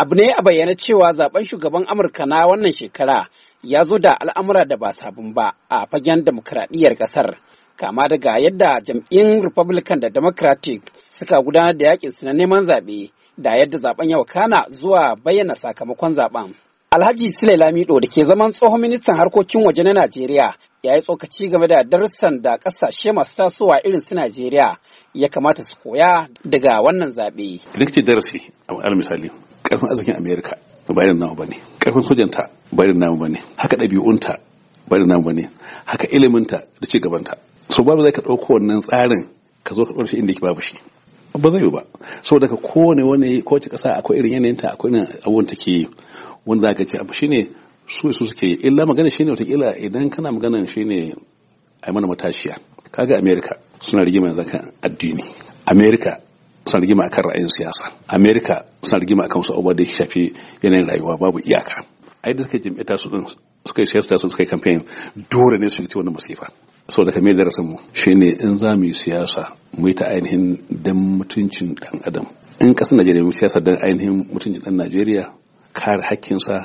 abu ne a bayyana cewa zaben shugaban amurka na wannan shekara ya zo da al'amura da ba sabon ba a fagen demokradiyyar kasar kama daga yadda jam'in republican da democratic suka gudanar da yakin su na neman zaɓe da yadda zaben ya kana zuwa bayyana sakamakon zaben alhaji sule lamido da ke zaman tsohon ministan harkokin waje na najeriya ya yi tsokaci game da darussan da kasashe masu tasowa irin su najeriya ya kamata su koya daga wannan zaɓe. darasi a misali karfin arzikin america bayan irin namu bane karfin sojanta bayan irin namu bane haka ɗabi'unta bayan irin namu bane haka iliminta da ci gabanta so babu zai ka ɗauko wannan tsarin ka zo ka shi inda ke babu shi ba zai yi ba saboda daga kowane wani kowace ƙasa akwai irin yanayinta akwai irin abubuwan ke yi wanda za ka ce abu shine su su suke yi illa magana shine watakila idan kana magana shine a mana matashiya kaga america suna rigima yanzu kan addini america suna rigima akan ra'ayin siyasa america suna rigima akan wasu abubuwa da ya shafi yanayin rayuwa babu iyaka ai da suka jami'a su din suka yi siyasa su suka yi campaign dole ne su ci wannan masifa so da kamar darasin mu shine in za mu yi siyasa mu yi ta ainihin dan mutuncin dan adam in kasar Najeriya mu siyasa dan ainihin mutuncin dan Najeriya kare hakkinsa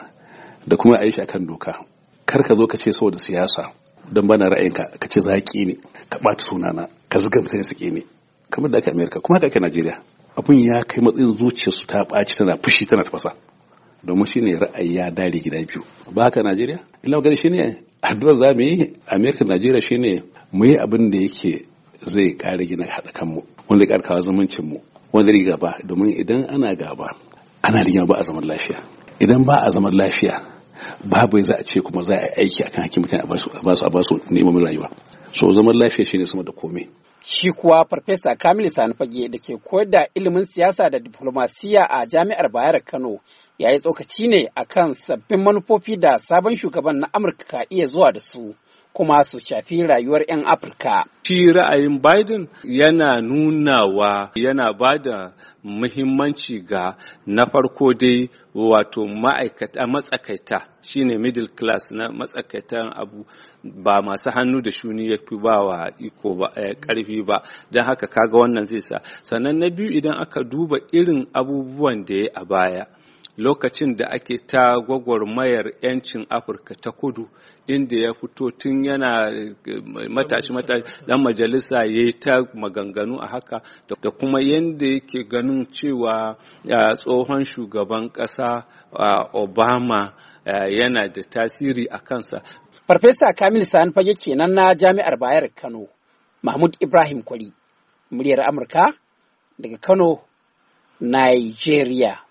da kuma aisha akan doka kar ka zo ka ce saboda siyasa don bana ra'ayinka ka ce zaki ne ka ɓata sunana ka zuga mutane suke ne kamar da ake amerika kuma haka ake najeriya abun ya kai matsayin zuciyarsu ta ɓaci tana fushi tana tafasa domin shine ra'ayi ya dare gida biyu ba haka najeriya illa magana shine addu'ar za mu yi amerika najeriya shine mu yi abin da yake zai ƙara gina haɗa kanmu wanda ya ƙara kawo zumuncin mu wanda ya gaba domin idan ana gaba ana rigima ba a zaman lafiya idan ba a zaman lafiya babu za a ce kuma za a yi aiki akan hakimta a basu a basu neman rayuwa so zaman lafiya shine sama da komai Shi kuwa Farfesa Kamilu Sanfage da ke koyar da ilimin siyasa da diflomasiya a Jami'ar Bayar Kano ya yi tsokaci ne akan sabbin manufofi da sabon shugaban na Amurka ka iya zuwa da su. kuma su shafi rayuwar 'yan Afirka. Shi ra'ayin Biden yana nunawa yana ba da muhimmanci ga na farko dai wato ma'aikata matsakaita shine middle class na matsakaitan abu ba masu hannu da shuni ya fi ba wa iko karfi eh, ba don haka kaga wannan zai sa sannan na biyu idan aka duba irin abubuwan da ya a baya lokacin da ake ta gwagwarmayar 'yancin afirka ta kudu inda ya fito tun yana eh, matashi matashi dan majalisa ya yi ta maganganu a haka da kuma yadda yake ganin cewa tsohon shugaban ƙasa obama yana da tasiri a kansa farfesa kamil sa'an fage kenan na jami'ar bayar kano mahmud ibrahim kwari muryar amurka daga kano nigeria